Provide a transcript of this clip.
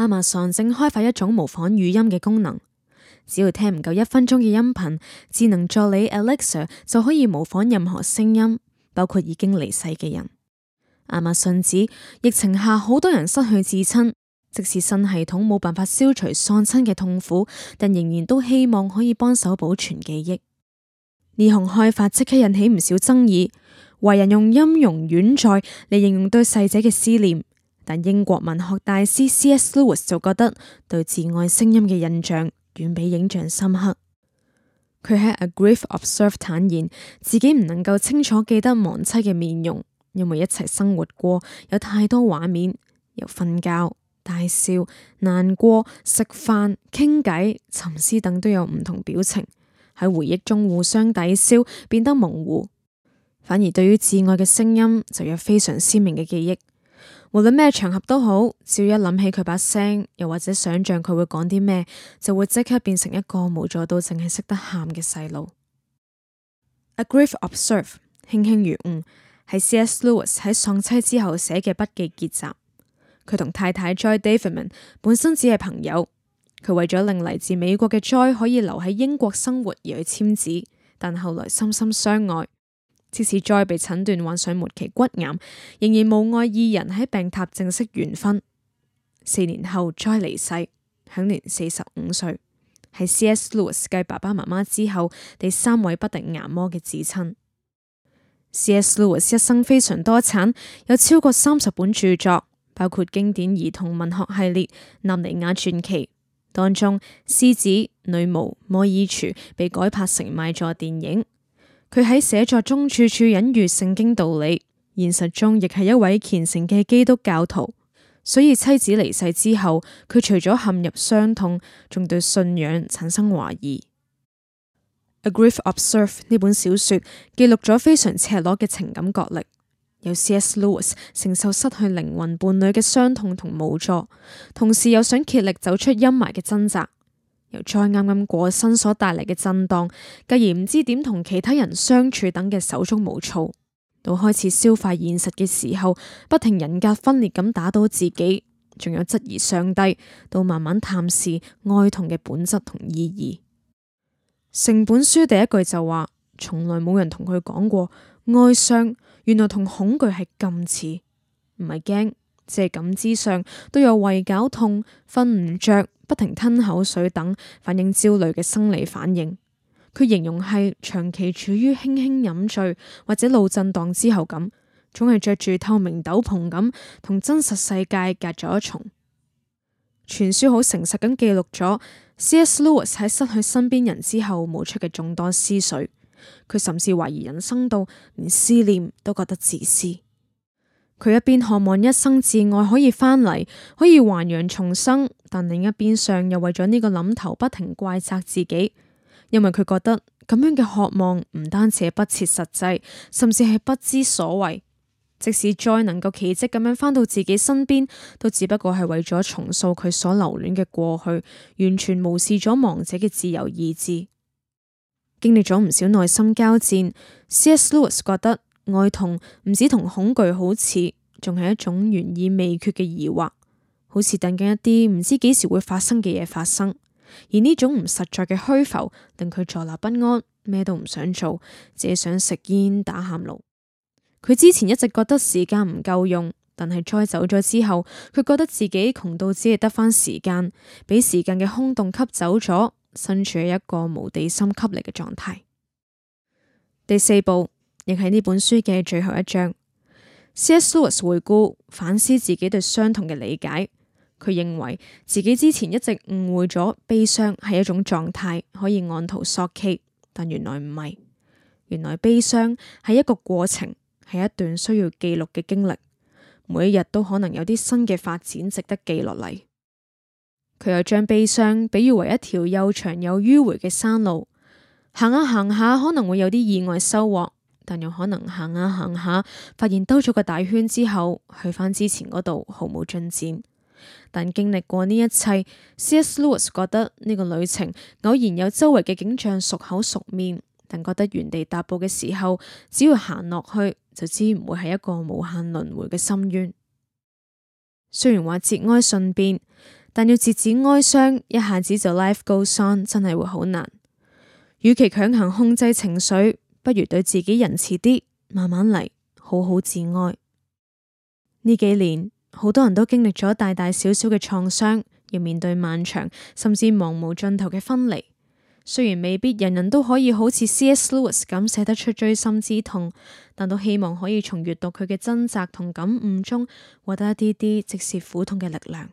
亞馬遜正開發一種模仿語音嘅功能，只要聽唔夠一分鐘嘅音頻，智能助理 Alexa 就可以模仿任何聲音，包括已經離世嘅人。亞馬遜指疫情下好多人失去至親，即使新系統冇辦法消除喪親嘅痛苦，但仍然都希望可以幫手保存記憶。呢項開發即刻引起唔少爭議，有人用音容宛在嚟形容對逝者嘅思念。但英國文學大師 C.S. Lewis 就覺得對摯愛聲音嘅印象遠比影像深刻。佢喺 A Grief Observed 坦言，自己唔能夠清楚記得亡妻嘅面容，因為一齊生活過有太多畫面，有瞓覺、大笑、難過、食飯、傾偈、沉思等，都有唔同表情喺回憶中互相抵消，變得模糊。反而對於摯愛嘅聲音就有非常鮮明嘅記憶。無論咩場合都好，只要一諗起佢把聲，又或者想象佢會講啲咩，就會即刻變成一個無助到淨係識得喊嘅細路。A Grief Observed，卿卿如晤，係 C.S. Lewis 喺喪妻之後寫嘅筆記結集。佢同太太 Joy Davidman 本身只係朋友，佢為咗令嚟自美國嘅 Joy 可以留喺英國生活而去簽字，但後來深深相愛。即使再被診斷患上末期骨癌，仍然無礙二人喺病榻正式完婚。四年後再離世，享年四十五歲，係 C.S. Lewis 繼爸爸媽媽之後第三位不敵癌魔嘅至親。C.S. Lewis 一生非常多產，有超過三十本著作，包括經典兒童文學系列《納尼亞傳奇》，當中獅子、女巫、魔衣櫥被改拍成賣座電影。佢喺寫作中處處隱喻聖經道理，現實中亦係一位虔誠嘅基督教徒，所以妻子離世之後，佢除咗陷入傷痛，仲對信仰產生懷疑。《A Grief Observed》呢本小說記錄咗非常赤裸嘅情感角力，由 C.S. Lewis 承受失去靈魂伴侶嘅傷痛同無助，同時又想竭力走出陰霾嘅掙扎。由再啱啱過身所帶嚟嘅震盪，繼而唔知點同其他人相處等嘅手足無措，到開始消化現實嘅時候，不停人格分裂咁打倒自己，仲有質疑上帝，到慢慢探視哀痛嘅本質同意義。成本書第一句就話：從來冇人同佢講過，哀傷原來同恐懼係咁似，唔係驚，即係感知上都有胃絞痛、瞓唔着。不停吞口水等，反映焦慮嘅生理反應。佢形容係長期處於輕輕飲醉或者腦震蕩之後咁，總係着住透明斗篷咁，同真實世界隔咗一重。全書好誠實咁記錄咗 C.S. Lewis 喺失去身邊人之後冒出嘅眾多思緒。佢甚至懷疑人生到連思念都覺得自私。佢一邊渴望一生摯愛可以返嚟，可以還陽重生，但另一邊上又為咗呢個諗頭不停怪責自己，因為佢覺得咁樣嘅渴望唔單止係不切實際，甚至係不知所謂。即使再能夠奇跡咁樣返到自己身邊，都只不過係為咗重塑佢所留戀嘅過去，完全無視咗亡者嘅自由意志。經歷咗唔少內心交戰，C.S. Lewis 覺得。愛同唔止同恐懼好似，仲係一種懸而未決嘅疑惑，好似等緊一啲唔知幾時會發生嘅嘢發生。而呢種唔實在嘅虛浮，令佢坐立不安，咩都唔想做，只係想食煙打喊路。佢之前一直覺得時間唔夠用，但係再走咗之後，佢覺得自己窮到只係得返時間，俾時間嘅空洞吸走咗，身處喺一個無地心吸力嘅狀態。第四步。亦係呢本書嘅最後一章，C.S. Lewis 回顧反思自己對傷痛嘅理解。佢認為自己之前一直誤會咗，悲傷係一種狀態，可以按圖索驥，但原來唔係。原來悲傷係一個過程，係一段需要記錄嘅經歷，每一日都可能有啲新嘅發展值得記落嚟。佢又將悲傷比喻為一條又長又迂回嘅山路，行下、啊、行下、啊、可能會有啲意外收穫。但又可能行下行下，發現兜咗個大圈之後，去返之前嗰度毫無進展。但經歷過呢一切，C.S. Lewis 覺得呢個旅程偶然有周圍嘅景象熟口熟面，但覺得原地踏步嘅時候，只要行落去就知唔會係一個無限輪回嘅深淵。雖然話節哀順變，但要節止哀傷，一下子就 Life goes on，真係會好難。與其強行控制情緒，不如對自己仁慈啲，慢慢嚟，好好自愛。呢幾年，好多人都經歷咗大大小小嘅創傷，要面對漫長甚至茫無盡頭嘅分離。雖然未必人人都可以好似 C.S. Lewis 咁寫得出錐心之痛，但都希望可以從閱讀佢嘅掙扎同感悟中，獲得一啲啲直視苦痛嘅力量。